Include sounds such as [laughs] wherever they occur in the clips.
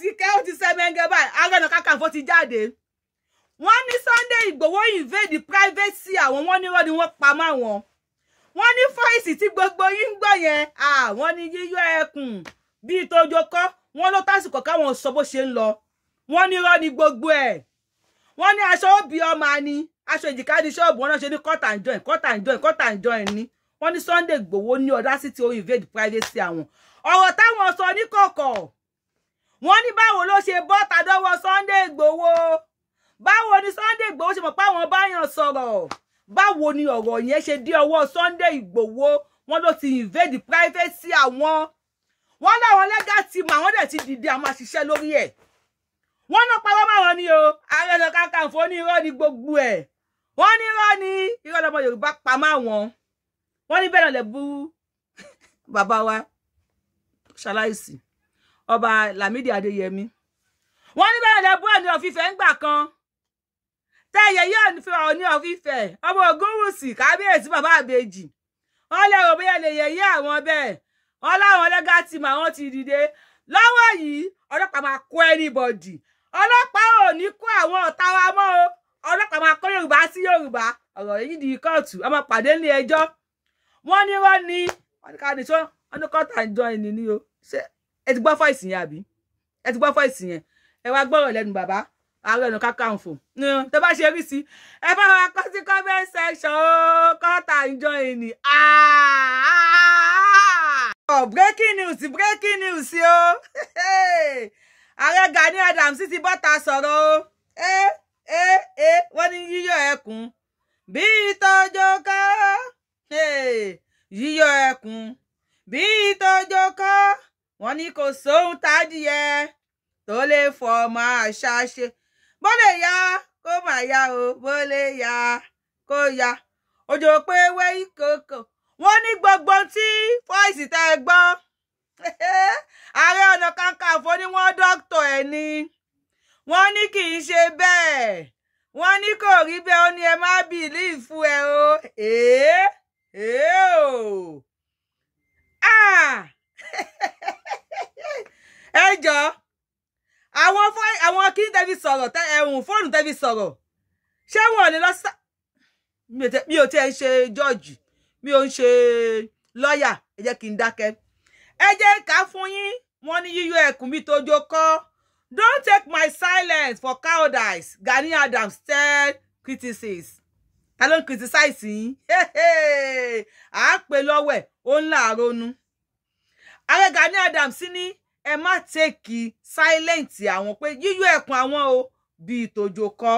ti kẹ́ ó ti sẹ́mẹ́ngẹ́ báyìí ààrẹ ọ̀nà kàkànfò ti jáde wọ́n ní Sunday Ìgbòho invade privacy àwọn wọ́n ní wọ́n ni wọ́n pa mọ́ àwọn wọ́n ní fọ́ìsì tí gbogbo yín ń gbọ́ yẹn àwọn ní yíyọ ẹkùn bíi tójó kọ́ wọ́n ló tásìkò káwọn sọ bó ṣe ń lọ wọ́n ní irọ́ ni gbogbo ẹ̀ wọ́n ní aṣọ òbí ọmọ ni aṣọ ìjìká ní ṣọ́ọ̀bù wọn náà ṣe ní cut and join cut and join cut and join ni wọ́n ní Sunday Ìgbòho ní audacity ó invade privacy àwọn ọ̀rọ̀ táwọn sọ ní kọ̀kọ̀ wọ́n ní báwo ló ṣe bọ́ tàdọ́wọ́ Sunday Igboho báwo ni Sunday Igboho ṣe mọ̀ pé àwọn báyàn sọ̀rọ̀ báwo ni ọ̀rọ̀ yẹn ṣe dé ọwọ́ Sunday Igboho wọ́n ló ti invade privacy àwọn wọ́n láwọn lẹ́gà ti mọ àwọn dẹ̀ ti dìde àwọn àṣìṣe lórí ẹ̀ wọ́n náà parọ́ máwọn ni o ààrẹ lọ Kakanfò ní irọ́ ni gbogbo ẹ̀ wọ́n ní irọ́ ni irọ́ lọmọ Yorùbá pa máwọn wọ́n ní bẹ́ẹ̀ lọ́lẹ̀ bú [laughs] bàbá wa ṣaláìsì ọba Lámídì Adéyẹmí wọ́n ní bẹ́ẹ̀ lẹ́bú Ọọ̀ni of Ifẹ̀ ńgbà kan tẹ́yẹ yóò ní fẹ́ Ọọ̀ni of Ifẹ̀ ọmọ Ògúnwùsì kábíyèsí bàbá àbèjì wọ́n lérò bóyá lè yẹ yí àwọn bẹ́ẹ̀ wọ́n láwọn lẹ́gà tí mà wọ́n ti dìde lọ́wọ́ yìí ọlọ́pàá máa kó anybody ọlọ́pàá ò ní kó àwọn ọ̀tá wa mọ́ o ọlọ́pàá máa kó Yorùbá sí Yorùbá ọ̀rọ̀ yìí di kóòtù ọmọ pàdé ní ẹjọ́ wọ́n ní wọ́n ní wọ́n ní ká ní tó wọ́n ní kọ́ta ìjọ ìní ni o ṣé ẹ ti gbọ́ fọ́ìsì yẹn àbí ẹ ti gbọ́ fọ́ìsì yẹn ẹ wá gbọ́rọ̀ lẹ́nu bàbá ààrẹ ọ̀nà kakanfò tó bá ṣe rí sí ẹ bá wa kọ́ sí comment section ó kọ́ta ìjọ ìní. breaking news breaking news o ààrẹ Gani Adams ti bọ́ta sọ̀rọ̀ o wọ́n ní yíyọ ẹkùn bí ìtọ́jọ́ kọ́ yíyọ ẹkùn bí ìtọ́jọ́ kọ́ wọ́n ní kò sóhun tádìyẹ tó lè fọ ọmọ àṣà ṣe bó lè yá kó má yá o bó lè yá kó yá òjò pé wé ìkòkò wọ́n ní gbogbo tí fọ́ìsì tẹ́ ẹ gbọ́ [laughs] ààrẹ ọ̀nà kakanfò ni dọ́kítọ̀ ẹ̀ ni wọ́n ní kì í ṣe bẹ́ẹ̀ wọ́n ní kò rí bẹ́ẹ̀ ó ní ẹ má bìlíìfù ẹ o èé èé o. Ah! [laughs] ẹ jọ àwọn àwọn kí n tẹ́bi sọ̀rọ̀ ẹ̀hún fóònù tẹ́bi sọ̀rọ̀ ṣé wọn ò ní lọ sí mi ò tiẹ̀ ń ṣe jọ́ọ̀jì mi ò ń ṣe lọ́ọ̀yà ẹ jẹ́ kí n dákẹ́ ẹ jẹ́ ká fún yín wọ́n ní yíyọ ẹkùn mi tójó kọ́ don't take my silence for cowardice Gani Adams tell criticism ta ló ń criticize yín à ń pè lọ́wẹ̀ ó ń láàárọ̀ nu ààrẹ Gani Adams ní ẹ má tèkì sáílẹǹtì àwọn pé yíyọ ẹkùn àwọn o bíi tòjò kọ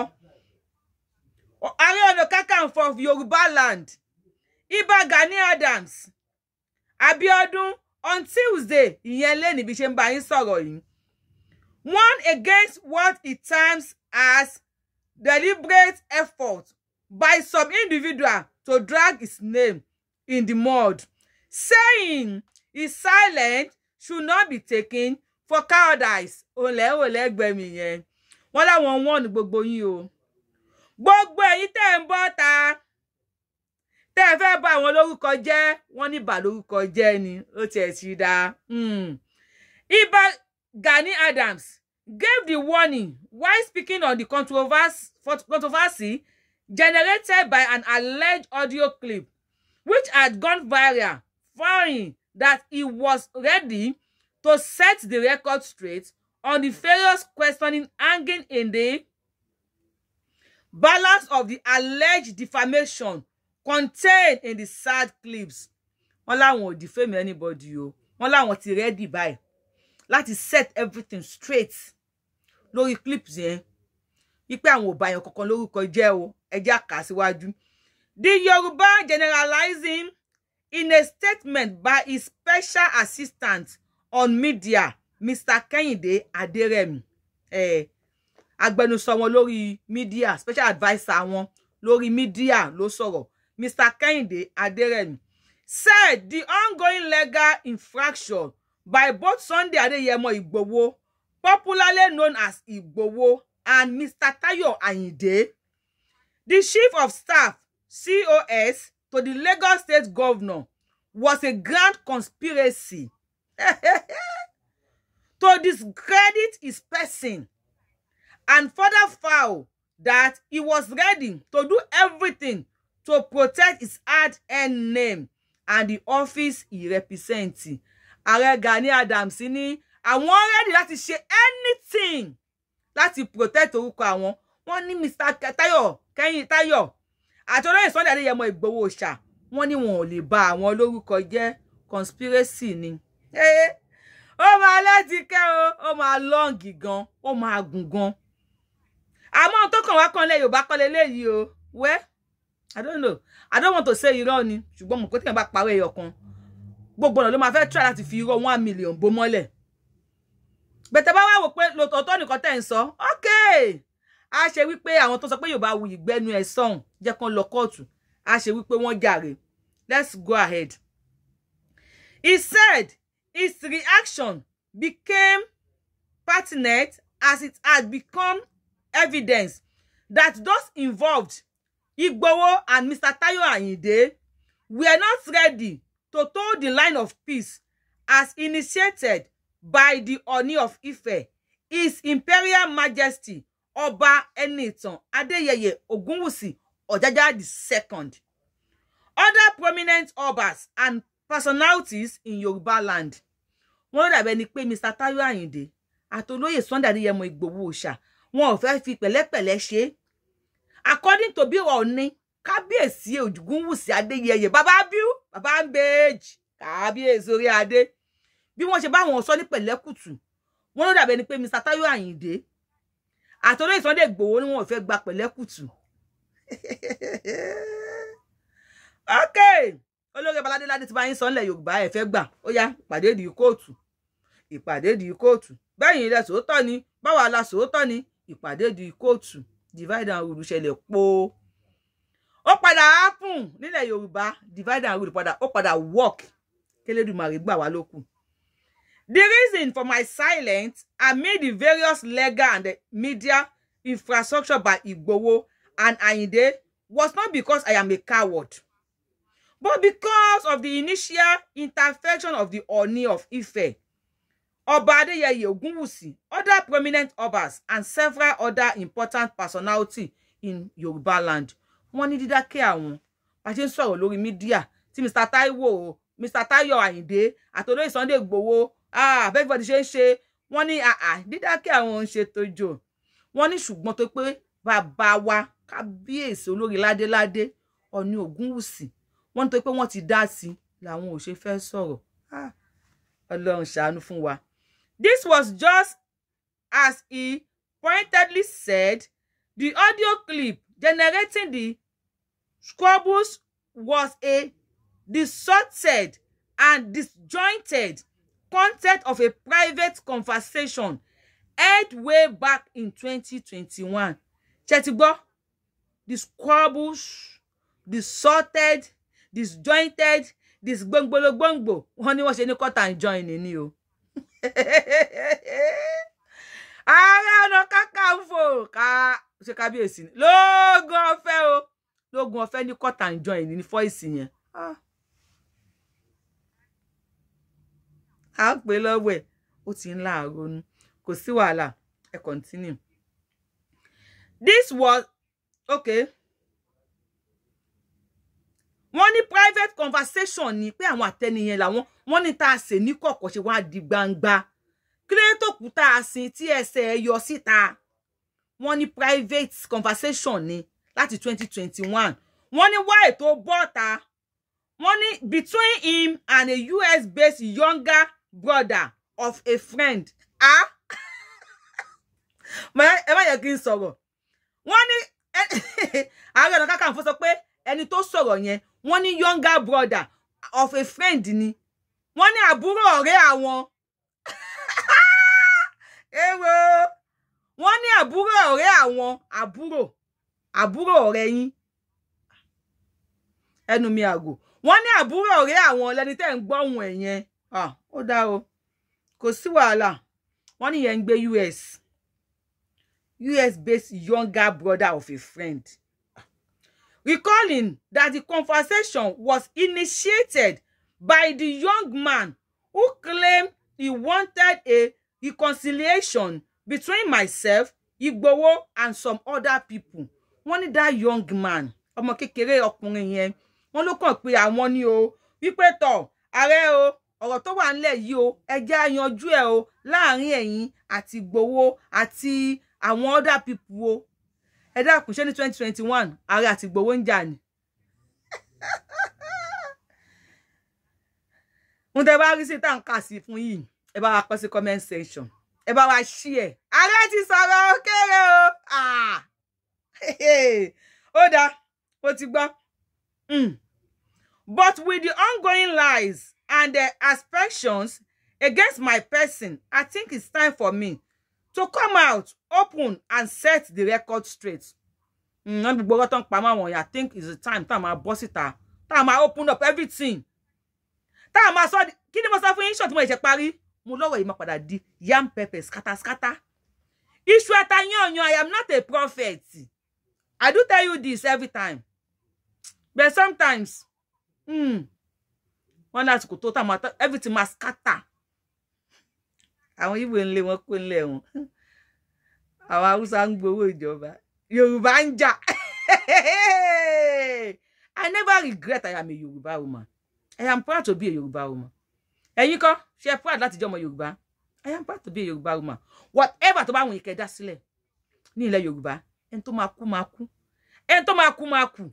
ààrẹ ọ̀nà kakanfò of yorùbá land ibà Gani Adams Abiodun on Tuesday ìyẹn lé níbi ṣe ń bá yín sọ̀rọ̀ yìí one against what it terms as deliberate effort by some individual to drag his name in the mud saying Is silent should not be taken for cowardice òlẹ́òlẹ́ gbẹ̀mí yẹn wọ́n láwọn wọ́n gbogbo yín o gbogbo èyí tẹ́ ń bọ́ ta tẹ́ ẹ fẹ́ bà àwọn lórúkọ jẹ́ wọ́n ní bà lórúkọ jẹ́ ni ó tiẹ̀ ti da hmm. Ìbà Gani Adams gave the warning while speaking on the controversy, controversy generated by an alleged audio clip which had gone viral foreign that he was ready to set the record straight on the various questioning hanging in the balance of the alleged defamation contained in the sad clips wọn láwọn ò defame anybody o wọn láwọn ti ready báyìí láti set everything straight lórí clips yẹn Ipe àwọn ò bá yàn kankan lórúkọ jẹ́ o ẹjẹ́ àkà the Yoruba generalizing In a statement by his special assistant on media, Mr. Kehinde Aderemi, eh, agbẹnusọ wọn lórí media, special adviser wọn lórí media ló sọ̀rọ̀, Mr. Kehinde Aderemi, said the ongoing legal infraction by both Sunday Adeyemo Igboho, popularly known as Igboho, and Mr. Tayo Ayinde, the chief of staff, COS, to the Lagos state governor was a grand conspiracy [laughs] to discredit his person and further foul that he was ready to do everything to protect his hard-earned name and the office he represents. Ààrẹ Gani Adams ní àwọn ready láti ṣe anything láti protect orúkọ àwọn. Wọ́n ní Mr. Tayo Kẹ́yìn Tayo àti olóyè Sunday Adéyẹmọ Ìgbòho ṣà wọ́n ní wọn ò lè ba àwọn lórúkọ jẹ́ conspiracy ni ó máa láti kẹ́ o ó máa lọ́ǹgì gan ó máa gùn gan àmọ́ tó kàn wá kan lẹ́ Yorùbá kọ́ lé léyìí o wẹ́ I don't know I don't want to say irọ́ ni ṣùgbọ́n mo kó tẹ̀yìn bá parọ́ ẹyọ kan gbogbo ọ̀nà ló máa fẹ́ try láti fi irọ́ one million bó mọ́lẹ̀ bẹ̀tẹ̀ bá wà wò pé lòtọ̀ọ̀tọ̀ nìkan tẹ̀ ń sọ okay a ṣe wípé àwọn tó sọ pé yorùbá wuyì gbẹnu ẹ sọhùn jẹ́ kán lọ kóòtù a ṣe wípé wọ́n jàre let's go ahead he said his reaction became pertinent as it had become evidence that those involved Igboho and Mr. Tayo Ayinde were not ready to toe the line of peace as initiated by the Oni of Ife, His Imperial Majesty ọba ẹni ìtàn adéyẹyẹ ògúnwùsì ọ̀jájá the second other prominent obas and personalities in Yoruba land wọn ló dàbẹ ni pé mr tayo ayinde àtolóyè sunday adéyẹmọ ìgbòho òòṣà wọn ò fẹ́ fi pẹ̀lẹ́pẹ̀lẹ́ ṣe according to bí wọn ò ní kábíyèsí ògúnwùsì adéyẹyẹ bàbá bíú bàbá ń bèèjì kábíyèsí orí adé bí wọn ṣe bá wọn sọ ní pẹ̀lẹ́kùtù wọn ló dàbẹ ni pé mr tayo ayinde àtọdọ Sunday Igboho ni wọn ò fẹ́ gba pẹ̀lẹ́kùtù ok olórí Babaládé Ládé ti bá yín sọ nílẹ̀ Yorùbá ẹ fẹ́ gbà ó yá ìpàdé di kóòtù ìpàdé di kóòtù bẹ́yìn ilẹ̀ sòótọ́ ni báwa la sòótọ́ ni ìpàdé di kóòtù divide and rule ṣẹlẹ̀ po ó padà happen nílẹ̀ Yorùbá divide and rule padà ó padà work kélédùmarè gbà wá lókun The reason for my silence amid the various legal and the media infrastructure by Igboho and Ainde was not because I am a coward, but because of the initial intervention of the Oni of Ife, Oba Adeyeye other prominent Obas, and several other important personalities in Yoruba land. Wọ́n ní dídákẹ́ àwọn bá ṣe ń sọ̀rọ̀ lórí mídíà tí Mr. Taiwo, Mr. Tayo Ayinde àtolóyè Sunday Igboho bẹ́ẹ̀bọ̀dì ṣe ń ṣe wọ́n ní ah, ah, dídákẹ́ àwọn ń ṣe tójò wọ́n ní ṣùgbọ́n tó pé bàbá wa kábíyèsí olórí ládéládé ọ̀ní ògúnwùsì wọ́n ní tó pé wọ́n ti dá sí làwọn ò ṣe fẹ́ sọ̀rọ̀ ah, ọlọ́run ṣàánú fún wa. This was just as he pointedly said the audio clip generating the squabbles was a distorted and disjointed content of a private conversation held way back in 2021. Chetigbo, the squabbles, distorted, disjointed, this gbongbolongbongbo, wọ́n ní wọ́n ṣe ní cut and join ni o. Ààrẹ [laughs] ọ̀nà kákàǹfò ká ṣe kábíyèsí lóògùn ọ̀fẹ́ o lóògùn ọ̀fẹ́ ní cut and join ní fọ́ìsì yẹn. Ah. á pè lọ́wọ́ ẹ̀ ó ti ń láàárọ̀ nu kò sí wàhálà ẹ continue. this was okay wọ́n ní private conversation ni pé àwọn àtẹnìyẹn làwọn wọ́n ní tá a ṣe ní kọ̀kọ̀ ṣe wá di gbangba kílẹ̀tòkù tá a sin tí ẹsẹ̀ ẹ yọ síta wọ́n ní private conversation ni láti 2021 wọ́n ní wá ètò bọ́ta wọ́n ní between him and a US-based younger brother of a friend ah [laughs] My ẹ má yẹ kí One, sọ̀rọ̀ wọ́n ní Ààrẹ Ọ̀nà Kakanfò sọ pé ẹni tó sọ̀rọ̀ yẹn wọ́n ní younger brother of a friend ni wọ́n ní àbúrò a àwọn [laughs] ewo wọ́n ní àbúrò ọ̀rẹ́ àwọn àbúrò àbúrò ọ̀rẹ́ yín ẹnu mi àgò wọ́n ní àbúrò ọ̀rẹ́ àwọn lẹni tẹ́ ń gbọ́hùn ẹ̀ yẹn ah ó dá o kò sí wàhálà wọ́n níyẹn ń gbé US US based younger brother of a friend recalling that the conversation was initiated by the young man who claimed he wanted a reconciliation between myself Igboho and some other people wọ́n ní that young man ọmọ kékeré ọkùnrin yẹn wọ́n ló kàn pé àwọn ni o wípé tọ̀ ààrẹ o ọ̀rọ̀ tó wà ńlẹ̀ yìí o ẹjẹ́ àyanjú ẹ̀ o láàrin ẹ̀yin àti Ìgbòho àti àwọn other people o ẹ dákun ṣé ní twenty twenty one ààrẹ àti Ìgbòho ń jà ni. ń [laughs] tẹ bá rí sí tá à ń kà sí fún yìí ẹ bá wa kọ sí comment section ẹ bá wa ṣí ẹ ààrẹ ti sọ̀rọ̀ kéré o ah! [laughs] ó dáa ó ti gbọ́ hmm. but with the ongoing lies and the aspersions against my person, I think it's time for me to come out open and set the record straight. Mm, I think it's the time Time I boss it up. Time I máa open up everything. Time I saw the. kí ni mo sọ fún yín ṣọ̀tí mo ìṣe di yam pepper scatter-scatter. Iṣu ata I am not a prophet. I do tell you this every time. But sometimes, mm, wọn lásìkò tó táwọn àtọ everything máa scatter àwọn Ìgbò ńlẹ wọn kó ńlẹ wọn àwọn Haúsá ń gbowó ìjọba Yorùbá ń jà [laughs] I never regret I am a Yorùbá woman I am proud to be a Yorùbá woman ẹ̀yin kọ́ ṣe proud láti jẹ́ ọmọ Yorùbá I am proud to be a Yorùbá woman whatever tó bá wùn ìkẹ́ dá sílẹ̀ ní ilẹ̀ Yorùbá ẹni tó máa kú máa kú ẹni tó máa kú máa kú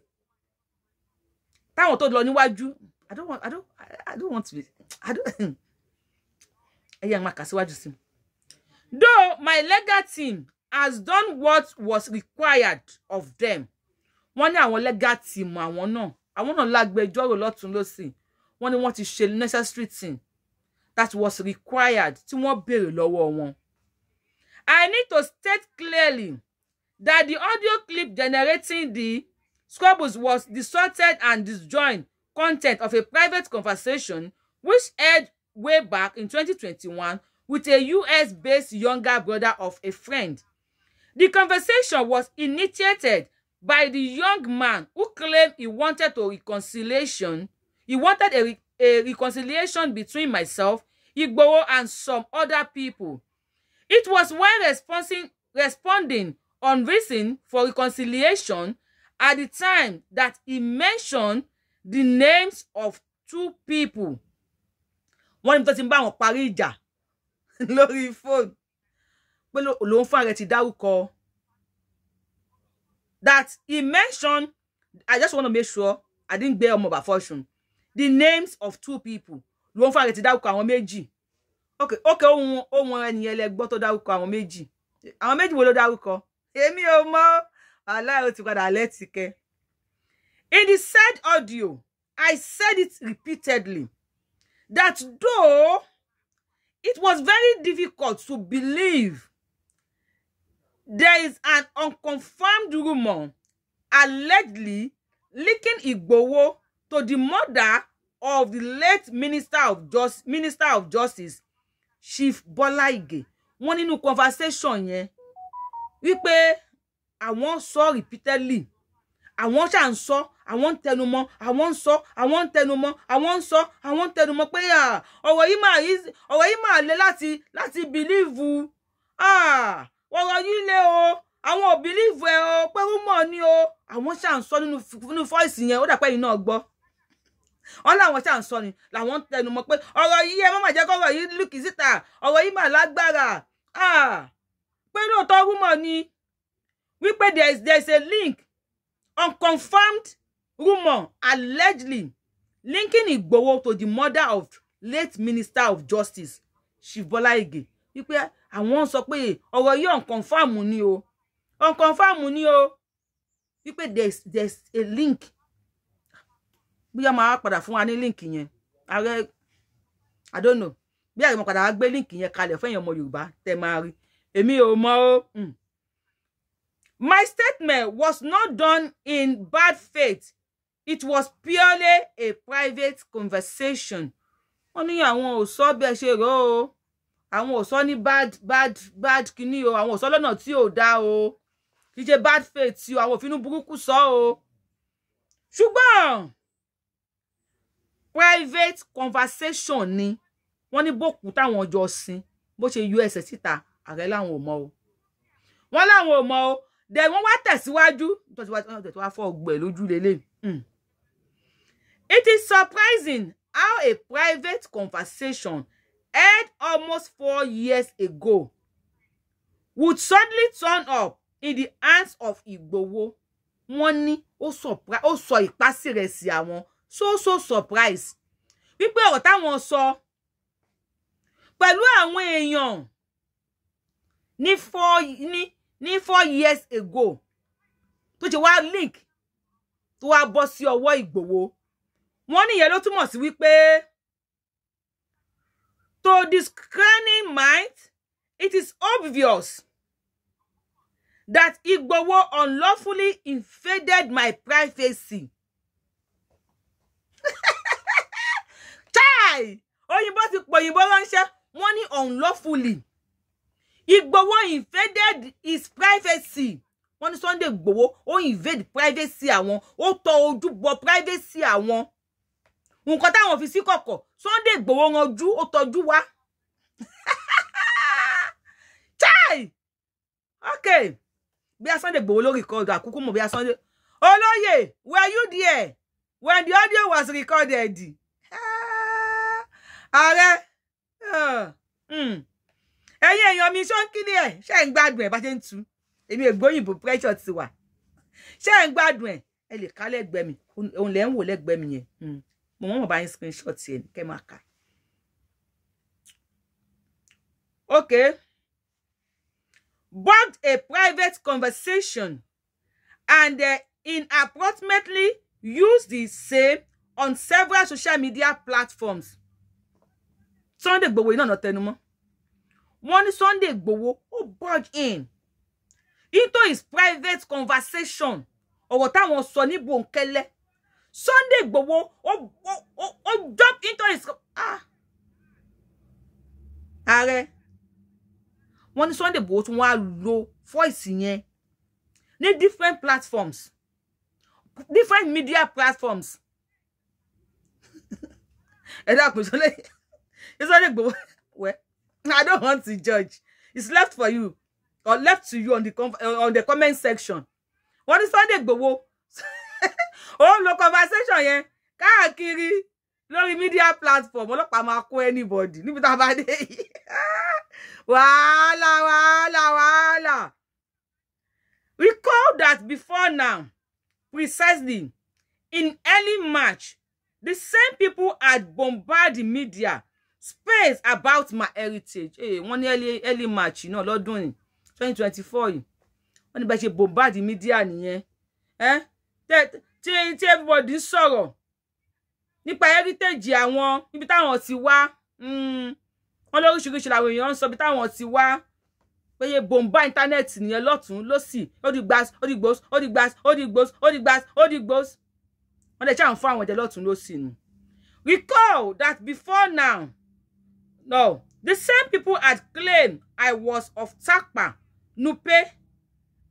táwọn tó lọ níwájú I don't want I don't I don't want to be I don't hmm. ẹyẹ àwọn àkàsíwájú sí. Though my legal team has done what was required of them wọ́n ní àwọn legal team àwọn náà àwọn náà lágbẹjọ́rò lọ́tún lọ́sìn wọ́n ní wọ́n ti ṣe necessary thing that was required to wọ́n béèrè lower one. I need to state clearly that the audio clip generating the squabbles was distorted and disjoint content of a private conversation which aired way back in 2021 with a US-based younger brother of a friend. The conversation was initiated by the young man who claimed he wanted a reconciliation. He wanted a, re a reconciliation between myself, Igboho, and some other people. It was while responding, responding on reason for reconciliation at the time that he mentioned the names of two people wọ́n ní tó ti ń bá wọn parí ìjà [laughs] lórí fóònù pé lòun fún ààrẹ ti dárúkọ that he mentioned i just want to make sure i didn't gbé ọmọ bàfọ́sùn the names of two people lòun fún ààrẹ ti dárúkọ àwọn méjì okay okay ohun ohun ẹnìyẹn lẹ gbọ́ tó dárúkọ àwọn méjì àwọn méjì wo ló dárúkọ èmi ò mọ̀ aláìwọ ti padà lẹ́tìkẹ́ In the said audio, I said it repeatedly that though it was very difficult to believe there is an unconfirmed rumor allegedly linking Igboho to the murder of the late Minister of, Just Minister of Justice, Chief Bola one in a conversation yẹn I want sọ repeatedly I want ń sọ àwọn ń tẹnumọ́ àwọn ń sọ àwọn ń tẹnumọ́ àwọn ń sọ àwọn ń tẹnumọ́ pé ọ̀rọ̀ yìí máa ọ̀rọ̀ yìí máa le láti láti bìlíìfù ọ̀rọ̀ yìí le o àwọn ò bìlíìfù ẹ o pé rúmọ̀ ni o àwọn ṣà ń sọ nínú fọ́ìsì yẹn ó dàpẹ́ yìí náà gbọ́ wọn làwọn ṣà ń sọ ni làwọn ń tẹnumọ pé ọ̀rọ̀ yìí ẹ má má jẹ́ kọ́rọ̀ yìí lùkì síta ọ̀rọ̀ yìí mà lágbára pé lóòótọ́ rúmọ̀ ni wípé there is, there is a link unconfirmed Rumor allegedly linking Igboho to the murder of late Minister of Justice Shibola Ige wípé àwọn sọ pé ọ̀rọ̀ yìí unconfirm ni o unconfirm ni o wípé there's there's a link bóyá máa padà fún wa ní link yẹn ààrẹ I don't know bí ààrẹ mo padà gbé link yẹn kalẹ̀ fún èèyàn ọmọ Yorùbá tẹ máa rí èmi ò mọ o. Hmm. My statement was not done in bad faith it was purely a private conversation wọ́n ní àwọn ò sọ bẹ́ẹ̀ ṣe rò ó àwọn ò sọ ní bad bad bad kínní o àwọn ò sọ lọ́nà tí ò dá o kì í ṣe bad faith tí o àwọn òfin burúkú sọ o ṣùgbọ́n private conversation ni wọ́n ní bókù táwọn jọ sin bó ṣe yọ ẹsẹ̀ síta ààrẹ láwọn ò mọ̀ o wọ́n láwọn ò mọ̀ o dẹ̀ wọ́n wá tẹ̀síwájú tó ti wá fọ́ ọgbẹ́ lójú lélẹ́yìn. Hmm. It is surprising how a private conversation held almost four years ago would suddenly turn up in the hands of Igboho. Wọ́n ní ó sọ ìpásí rẹ̀ sí àwọn so so surprise what ọ̀rọ̀ táwọn sọ pẹ̀lú àwọn èèyàn ní four ní ní four years ago tó ṣe wá link tó wá bọ́ sí ọwọ́ Ìgbòho wọ́n níyẹn ló túmọ̀ sí wípé to the scanning mind it is obvious that Igboho unlawfully invaded my privacy. [laughs] chai òyìnbó ti pọ̀ òyìnbó ránṣẹ́ wọ́n ní unlawfully Igboho invaded his privacy wọ́n ní Sunday Igboho ó invade privacy àwọn ó tọ ojú bọ privacy àwọn nǹkan táwọn fi sí kọ̀kọ̀ Sunday Igboho ranjú ó tọ́jú wá [laughs] chai ok bí a Sunday Igboho lórí kọdọ àkúkú mọ bí a Sunday olóyè were you there when the audio was recorded [laughs] ààrẹ uh, hmm. ẹ̀yin èèyàn mi ṣó ń kí ẹ ṣe ń gbádùn ẹ bá ṣe ń tu èmi ègbóyìnbó pressure ti wà ṣe ń gbádùn ẹ ẹ lè kálẹ̀ gbẹ̀mí òun lẹ́ ń wò lẹ́gbẹ̀mí yẹn hmm mo mọ̀ bá yín screenshot ẹ̀ ní kẹ́ máa kà. Bugged a private conversation and uh, inappropriately used the same on several social media platforms. Sunday Igboho iná no tẹnumọ́. Wọ́n ní Sunday Igboho ó bug in into his private conversation what ọ̀rọ̀ táwọn sọ ní bòńkẹ́lẹ́ Sunday Igboho ó ó ó jump into his ah ààrẹ wọ́n Sunday Igboho tún wá lo voice yẹn ní different platforms different media platforms [laughs] ẹ dákun sọlẹ Sunday Igboho well I don't want to judge it's left for you or left to you on the on the comment section wọ́n ní Sunday Igboho ó ń lo conversation yẹn káàkiri lórí media platform ọlọ́pàá máa kó anybody níbi tá a bá dé yìí [laughs] wàhálà wàhálà wàhálà recall that before now precisely in early March the same people had bombarded the media space about my heritage eh hey, wọ́n ní early early March náà lọ́dún yìí twenty twenty four yìí wọ́n ní bá ṣe bombard the media nìyẹn eh? tí tí everybody sọ̀rọ̀ nípa heritage àwọn ibi táwọn ti wá mm, wọn lóríṣiríṣi làwọn èèyàn ń sọ ibi táwọn ti wá péye bòǹbà íńtánẹ́ẹ̀tì nìyẹn lọ́tún lọ́sì ódìgbàs ódìgbòs ódìgbàs ódìgbòs ódìgbàs ódìgbòs wọn lè ṣàǹfọ àwọn ọdẹ lọ́tún lọ́sì nù. recall that before now no the same people had claimed I was of Takpa Nupe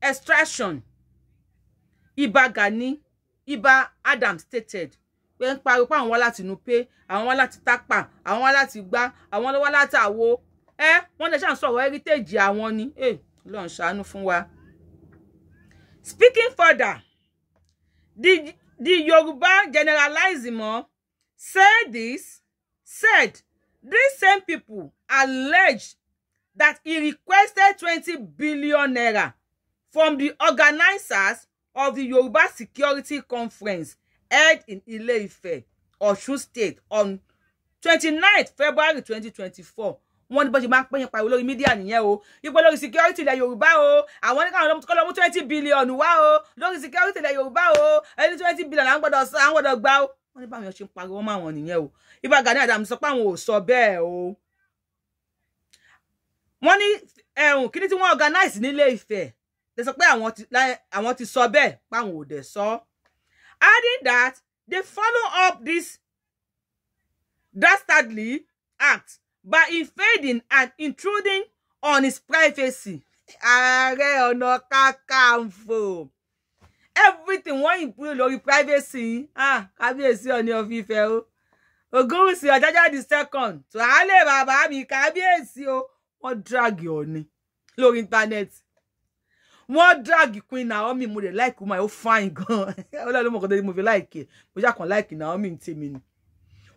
extraction Iba Gani Iba Adam stated pé ń pariwo pé àwọn wá láti inú pé àwọn wá láti tápà àwọn wá láti gbá àwọn wá láti àwo ẹ wọ́n lè ṣàn sọ̀rọ̀ heritage àwọn ni eh, lọ́n ṣàánú fún wa. Speaking further, the, the Yoruba generalizimo said this said these same people alleged that he requested twenty billion naira from the organizers of the Yoruba Security Conference held in Ile-Ife, Osun State on 29th February 2024 wọ́n ní bọ́n ṣe máa ń pẹ́yìn pariwo lórí mídíà nìyẹn o ipò lórí security ilẹ̀ yorùbá o àwọn oníkàwọn ọlọ́mú tó lọ́mú twenty billion wá o lórí security ilẹ̀ yorùbá o ẹni twenty billion à ń gbọ́dọ̀ sọ à ń gbọ́dọ̀ gbà o wọ́n ní báwọn èèyàn ṣe ń pariwo mọ́ àwọn nìyẹn o ibà Gani Adams sọ pé àwọn ò sọ bẹ́ẹ̀ o. wọ́n ní ẹ̀rùn kí ni tí wọ́n organize nílé Ifẹ̀ they sọ pé àwọn ti sọ bẹ́ẹ̀ páwọn ò dẹ̀ so. adding that they follow up this dastardly act by invading and intruding on his privacy. ààrẹ ọ̀nà kákàǹfò everything wọ́n improve lórí privacy ah kábíyèsí on your ìfẹ́ o Ògúnwùsì Ọjájá the second tó a lè bàbá mi kábíyèsí o wọ́n drag you on. lórí internet wọ́n drag Queen Naomi mo dẹ̀ like my fine fine gan [laughs] ọlọ́run mo kàn tẹ́lẹ̀ mo fi like ẹ̀ e. mo ṣàkàn like Naomi ń tèmi ni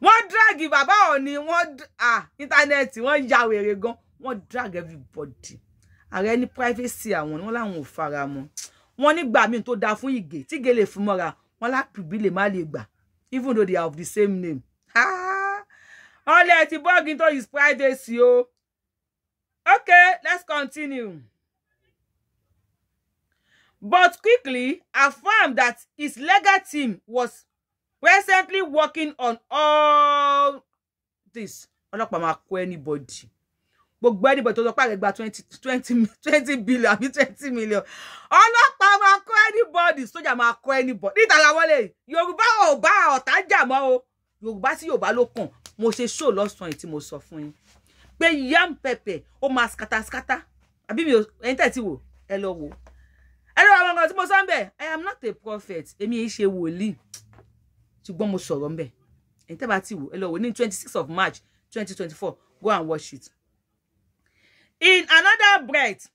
wọ́n drag bàbá òní wọ́n ah íńtánẹ́ẹ̀tì wọ́n ya wèrè gan wọ́n drag everybody Are any privacy àwọn wọn làwọn ò fara mọ́ wọn nígbà míì tó dáa fún ìgè tí ìgè lè fún mọ́ra wọn lápìbí lè má lè gbà even though they have the same name Ha. ọlẹ ti bọ́ọ̀gì into his privacy Oh. okay let's continue but quickly affirmed that his legal team was presently working on all this. ọlọ́pàá máa kó anybody gbogbo anybody tó sọ pé gba twenty twenty twenty billion àbí twenty million ọlọ́pàá máa kó anybody sójà máa kó anybody níta la wọlé yorùbá ò bá ọ̀tá jà mọ́ o yorùbá sí yorùbá ló kàn mo ṣe show lọ́sàn-án yìí tí mo sọ fún yín pé yam pepper ó máa skataskata àbí mi ò ẹni tẹ̀ ti wò ẹ lọ wò ẹ̀rọ àwọn nǹkan tí mo sọ ń bẹ̀ I am not a prophet èmi yìí ṣe wòlíì ṣùgbọ́n mo sọ̀rọ̀ ń bẹ̀ ẹ̀yin tẹ́ bá ti wò ẹ lọ wò ní twenty six of March twenty twenty four go and watch it. In another breath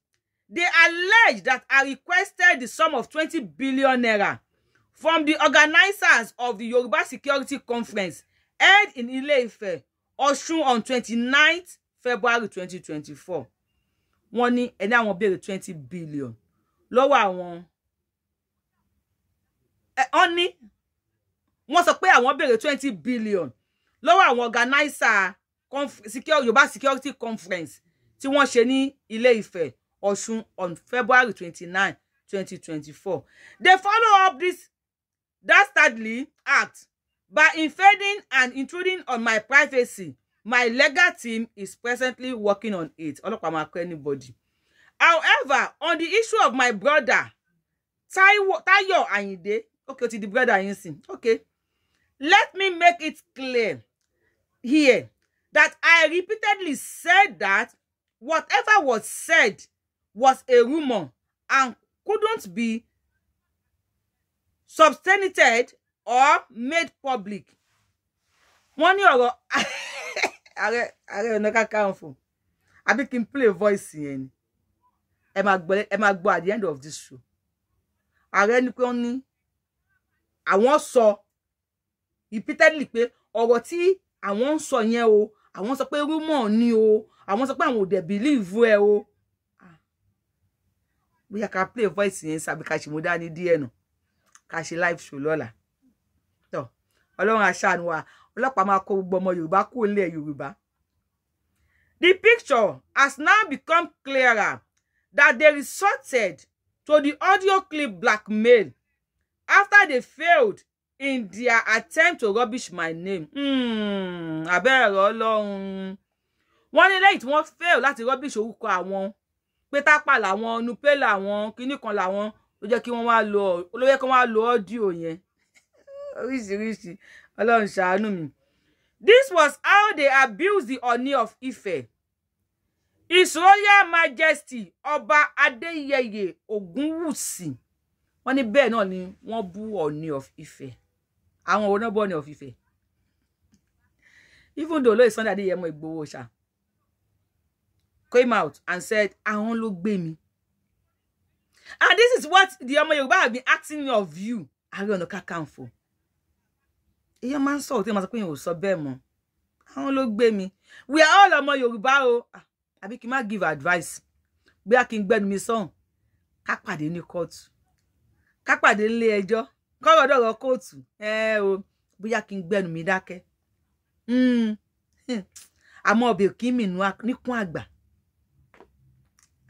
they allege that I requested the sum of twenty billion naira from the organisers of the Yoruba Security Conference held in Ile-Ife Ọ̀ṣun on twenty-ninth February twenty twenty four wọ́n ní ẹni àwọn béèrè twenty billion lọ́wọ́ àwọn ọ ní wọ́n sọ pé àwọn béèrè twenty billion lọ́wọ́ àwọn organizer security, Yorùbá security conference tí wọ́n ṣe ní Ilé Ifẹ̀ Ọ̀ṣun on February twenty nine twenty twenty four they follow up this dastardly act by invading and intruding on my privacy my legal team is presently working on it ọlọ́pàá máa kọ anybody however on the issue of my brother Taiwo Tayo Ayinde okay to the brother yín sin okay let me make it clear here that I repeatedly said that whatever was said was a rumor and couldn't be substantiated or made public. wọ́n ní I, I, I, ọ̀nà kakanfò àbí kí n play voice yẹn ni ẹ máa gbọ́ ẹ máa gbọ́ at the end of this show ààrẹ ni pé wọ́n ní àwọn sọ repeatedly pé ọ̀rọ̀ tí àwọn ń sọ yẹn o àwọn sọ pé rúmọ̀ ni o àwọn sọ pé àwọn ò dẹ̀ bìlíìfù ẹ o ah. bóyá ká play voice yẹn sàbí ká ṣe mo dání díẹ̀ nù ká ṣe live show lọ́la tó ọlọ́run aṣáánu wa ọlọ́pàá máa kó gbogbo ọmọ yorùbá kúrò nílẹ̀ yorùbá the picture has now become clearer that they resorted to the audio clip blackmail after they failed in their attempt to rubbish my name. Hmm, abẹ́rẹ́ ọlọ́run wọ́n ní lẹ́yìn tí wọ́n fail láti rubbish orúkọ àwọn pétápà làwọn nupé làwọn kinní kan làwọn ló jẹ́ kí wọ́n wá lo ló yẹ kí wọ́n wá lo ọ́díò yẹn oríṣiríṣi ọlọ́run ṣàánú mi. This was how they abused the honey of Ife. His Royal Majesty Ọba Adéyẹyè Ògúnwùsì wọ́n ní bẹ́ẹ̀ náà ni wọ́n bú Ọ̀ọ̀ni of Ifè àwọn òun náà bú Ọ̀ọ̀ni of Ifè even though lóye Sunday Adéyẹmọ Ìgbòho ṣá came out and said àwọn ló gbé mi and this is what the ọmọ Yorùbá have been asking of you Ààrẹ Ọ̀nà Kakanfò èèyàn máa ń sọ̀rọ̀ tí wọ́n máa sọ pé èèyàn ò sọ bẹ́ẹ̀ mọ́ àwọn ló gbé mi we are all ọmọ Yorùbá o. Ah àbí kí n má give advice bóyá kí n gbẹ́nu mi sọ̀hún ká pàdé ní kóòtù ká pàdé nílé ẹjọ́ kọ́rọ̀ dọ̀rọ̀ kóòtù ẹ o bóyá kí n gbẹ́nu mi dákẹ́ hmm. [laughs] àmọ́ ọbẹ̀ kì í mìínú níkún àgbà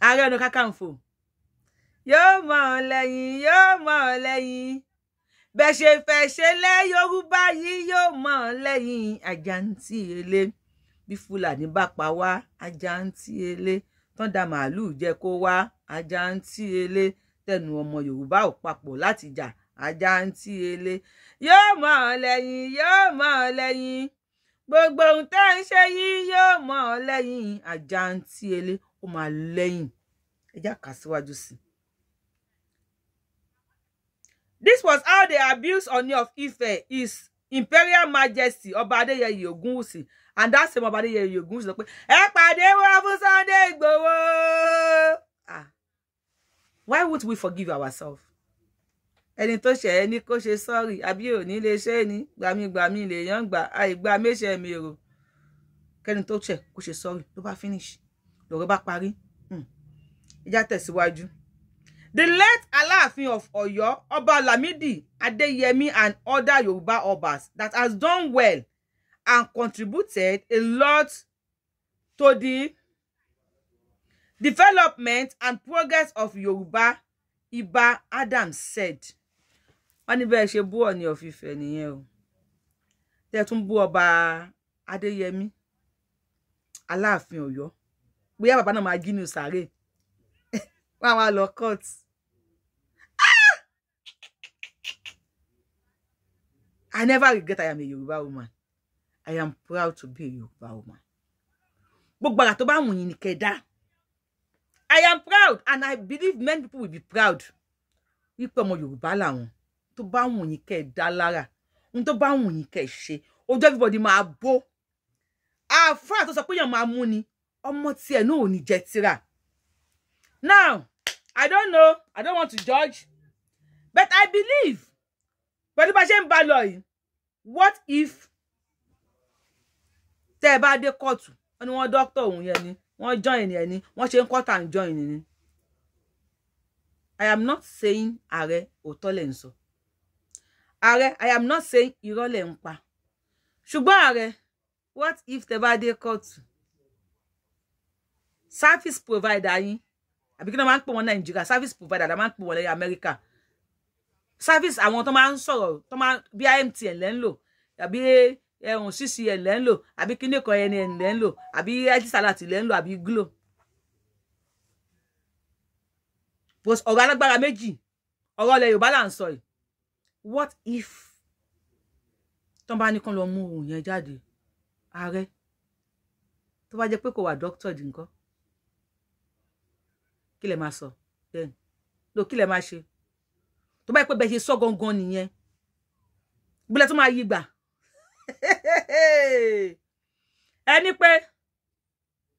ààrẹ ọ̀nà kákàǹfò yóò mọ̀ ọ́ lẹ́yìn yóò mọ̀ ọ́ lẹ́yìn bẹ́ẹ̀ ṣe fẹ́ ṣe lẹ́ yorùbá yìí yóò mọ̀ ọ́ lẹ́yìn àjàǹtì èlé bí fúlàní bá pa wá ajá ń tí elé tán da màálùú jẹ kó wá ajá ń tí elé tẹnu ọmọ yorùbá ò papọ̀ láti jà ajá ń tí elé yóò mọ̀ ọ́ lẹ́yìn yóò mọ̀ ọ́ lẹ́yìn gbogbo ohun tẹ́ ń ṣe yìí yóò mọ̀ ọ́ lẹ́yìn ajá ń tí elé ó máa lẹ́yìn ẹjá kà síwájú sí This was how the abuse on your Ife, Is Imperial Majesty Ọba Adeyeye Ogunwusi and that same ọba Adéyẹyè Ògúnwùsì sọ pé ẹ pàdé wọn fún Sunday Igboho ah why would we forgive ourselves ẹni tó ṣẹ̀ ẹni kó ṣe sọ́ọ̀rì àbí òní lè ṣe é ní gbàmígbàmí lèèyàn gbà àìgbà méṣe mèrò kẹ́ni tó ṣẹ̀ kó ṣe sọ́ọ̀rì ló bá finish lọ́rọ̀ bá parí hmm. ìjà tẹ̀síwájú. The late Alaafin of Oyo, Oba Lamidi Adeyemi and other Yoruba Obas that has done well and contributed a lot to the development and progress of Yoruba, Iba Adams said. Wọ́n ní bẹ́ẹ̀ ṣe bú Ọọ̀ni of Ifẹ̀ nìyẹn o. Tẹ́ tún bú ọba Adéyẹmí, Aláàfin Ọ̀yọ́. Bóyá bàbá náà máa jí ní sàárè. [laughs] Wọ́n á wá lọ court. Ah! I never regret I am a Yoruba woman. I am proud to be a Yorùbá woman. Gbogbo àrà tó bá wùn yín ni kẹ̀dá. I am proud and I believe many people will be proud. Wípé ọmọ Yorùbá làwọn tó bá wùn yín kẹ̀ dá lára. Ohun tó bá wùn yín kẹ̀ ṣe. Ojú everybody máa bó. Àfúrà tó sọ pé èèyàn máa mú ni. Ọmọ tiẹ̀ náà ò ní jẹ tira. Now, I don't know, I don't want to judge, but I believe pẹ̀lú bá ṣe ń bá lọ yìí, what if tẹ́ ẹ bá dé kóòtù wọ́n ní wọ́n dókítà òun yẹn ni wọ́n join yẹn ni wọ́n ṣe ń kọ́tà ń join ni. I am not saying ààrẹ òótọ́ lẹ̀ ń sọ ààrẹ I am not saying irọ́ lẹ̀ ń pa ṣùgbọ́n ààrẹ what if tẹ́ bá dé kóòtù service provider yín àbí kí ni wọ́n máa ń pè wọ́n nàìjíríà service provider la máa ń pè wọ́n lẹ́yìn amẹ́ríkà service àwọn tó máa ń sọ̀rọ̀ tó máa bí imtn lẹ́ ń lò àbí ẹ̀hún ṣíṣe ẹ̀ lẹ́ ń lò àbí kíní kan ẹni ẹ̀ lẹ́ ń lò àbí ẹ́jísàlátì lẹ́ ń lò àbí glo. ọ̀rọ̀ alágbára méjì ọ̀rọ̀ ilẹ̀ Yorùbá là ń sọ yìí what if tó bá ní kán lọ mú òun yẹn jáde ààrẹ tó bá jẹ́ pé kò wà doctor dì nǹkan kí lè máa sọ bẹ́ẹ̀ ló kí lè máa ṣe tó bá yẹ pé bẹ́ẹ̀ ṣe sọ gangan nìyẹn gbọ́dọ̀ tó máa yí gbà [laughs] ẹni pé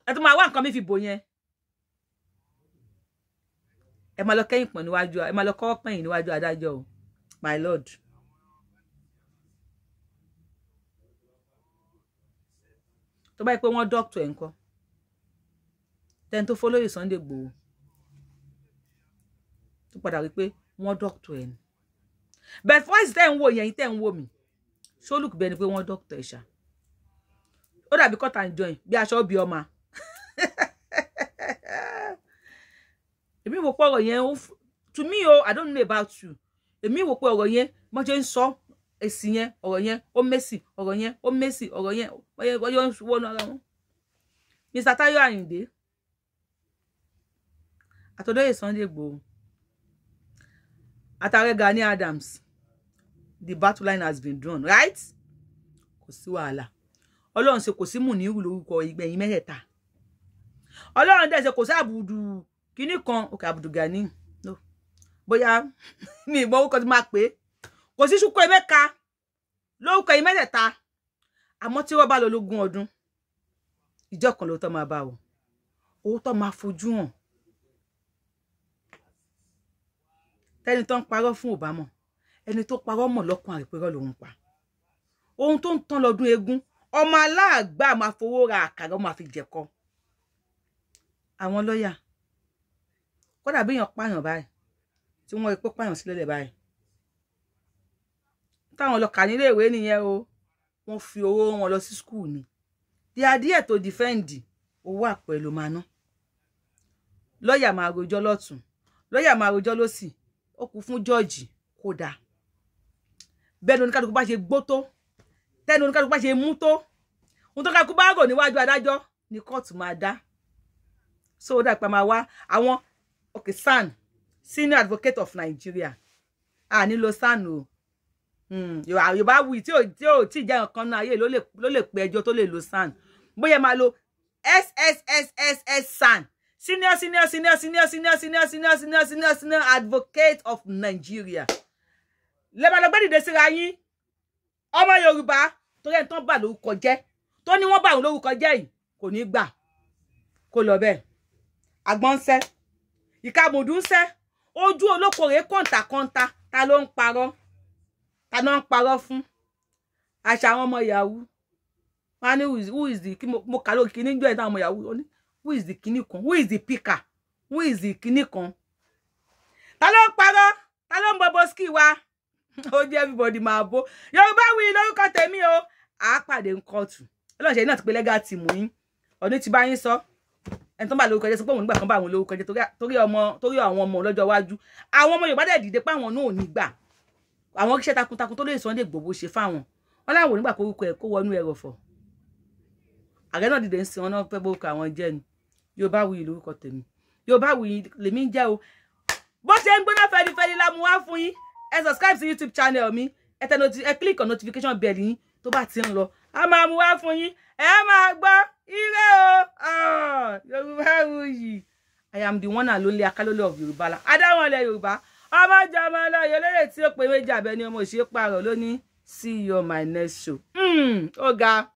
ẹ tún máa wá nǹkan mi fi bò yẹn ẹ máa lọ kẹ́yìn pọ̀n níwájú ẹ máa lọ kọ́ pẹ̀yìn níwájú adájọ́ o my lord. tó bá yẹ pé wọ́n dọ́kítọ̀ ẹ̀ ń kọ́ tẹ́ni tó fọ́lóyè Sunday Igboho tó padà wípé wọ́n dọ́kítọ̀ ẹ̀ ni bẹ́ẹ̀ fọ́ìsì tẹ́ ń wò yẹn tẹ́ ń wò mí ṣó lùkù bẹ́ẹ̀ ni pé wọ́n dọ́kítọ̀ ẹ̀ṣà ó dàbí cut and join bí aṣọ bí ọmọ [laughs] èmi wò pé ọ̀rọ̀ yẹn to me oh, i don't know about you èmi wò pé ọ̀rọ̀ yẹn mo ṣe ń sọ èsì yẹn ọ̀rọ̀ yẹn ó mẹ́sì ọ̀rọ̀ yẹn ó mẹ́sì ọ̀rọ̀ yẹn wọ́n yọ ń wọnú ara wọn mr tayo ayinde àtọ̀dọ́yè sunday gbòó àtàrẹ gani adams the battle line has been drawn right kò sí wàhálà ọlọ́run ṣe kò sí mùníwù lórúkọ ìgbẹ̀yìn mẹ́tẹ̀ẹ̀ta ọlọ́run dẹ̀ ṣe kò sí àbùdù kínní kan òkè àbùdù gani no bóyá [laughs] mi ìmọ̀ orúkọ ti máa pè é kò sí ṣùkọ́ ẹ̀mẹ́ka lórúkọ yìí mẹ́tẹ̀ẹ̀ta àmọ́ tí wọ́n bá lọ lógún ọdún ìjọ kan lóòótọ́ máa bá o owó máa fojú hàn tẹ́ni tó ń parọ́ fún òbámọ̀ ẹni tó parọ́ mọ̀ lọ́kàn àrèpẹ́rọ́ lòun pa ohun tó ń tán lọ́dún eégún ọmọ aláàgbà máa fowó ra àkàrà máa fi jẹ̀kọ àwọn lọ́ọ̀yà kódà bí èèyàn pààyàn báyìí tí wọ́n rí pé pààyàn sílẹ̀ báyìí táwọn ọlọ́kà níléèwé nìyẹn o wọ́n fi owó wọn lọ sí skul ni di adíẹ tó dìfẹ́ǹdì owó àpò ẹ̀ ló máa ná lọ́ọ̀yà máa rojọ́ lọ́tún lọ́ọ̀yà máa rojọ́ lọ́sì ó kù fún jọ́ọ̀jì kódà bẹ́ẹ̀ni oníkálukú bá ṣe gbó tó tẹ́ni oníkálukú bá ṣe mú tó ohun tó kálukú bá rò níwájú adájọ́ ni kóòtù máa dá so ó dàgbà máa wá àwọn okay SAN senior advocate of Nigeria a nílò SAN o hmm, yorùbá wù tí ò tí ò tí ì jẹ́ nǹkan náà ayé ló lè pe ẹjọ́ tó lè lo SAN bóyá máa lo SSSSS SAN senior senior senior senior senior senior senior senior senior advocate of Nigeria. Le máa lọ gbé dìde síra yín ọmọ yorùbá torí ẹni tán bà lórúkọ jẹ́ tó ní wọ́n bà òun lórúkọ jẹ́ yìí kò ní gbà kó lọ bẹ́ẹ̀ àgbọn ń sẹ́ ìkàmùdù ń sẹ́ ojú olóko rèé ta ló ń ta ló ń parọ́ fún àṣà àwọn ọmọ yahoo who is the mo kà lórí kíní jọ ìdáhùn ọmọ yahoo ó ní who is the kíní kan who is the picker who is the kíní kan ta ló ń ta ló ń ski wa. [laughs] ó jẹ́ everybody máa bó yorùbá wí lórúkọ tèmi o àá pàdé ń kóòtù ọlọ́ọ̀ṣẹ́ náà ti pe lẹ́gà tì mú yín ọ̀ní ti bá yín sọ ẹni tó ń bá lórúkọ jẹ́ sọ pé òun nígbà kan bá àwọn lórúkọ jẹ́ torí ọmọ torí àwọn ọmọ lọ́jọ́ iwájú àwọn ọmọ yorùbá dẹ̀ dìde pé àwọn náà ò ní gbà àwọn iṣẹ́ takuntakun tó lè Sunday Igboho ṣe fáwọn wọn láwọn nígbà korúkọ ẹ̀ kó wọnú ẹrọ̀fọ̀ ààrẹ náà dìde ń sin wọn náà fẹ́ bórúkọ àwọn jẹ́ ni yorùbá wuyì lórúkọ tèmi yorùbá wuyì lèmi ń jẹ́ o bó ṣe ń gbóná fẹ́rifẹ́ri la mú wá fún yín ẹ subscribe sí youtube channel mi ẹ tẹ ẹ click on notification bell yín tó bá ti ń lọ a máa mú wá fún yín ẹ máa gbọ́ ire o ah, Yorùbáwùyí i am the one and only akálólè of yorùbá la adáwọn ilẹ̀ yorùbá ọmọ jọmọ lọyọ lérè tí ó pè méjì abẹ ni ọmọ òṣèré pààrọ̀ lónìí see you on my next show. Hmm, ó Oga.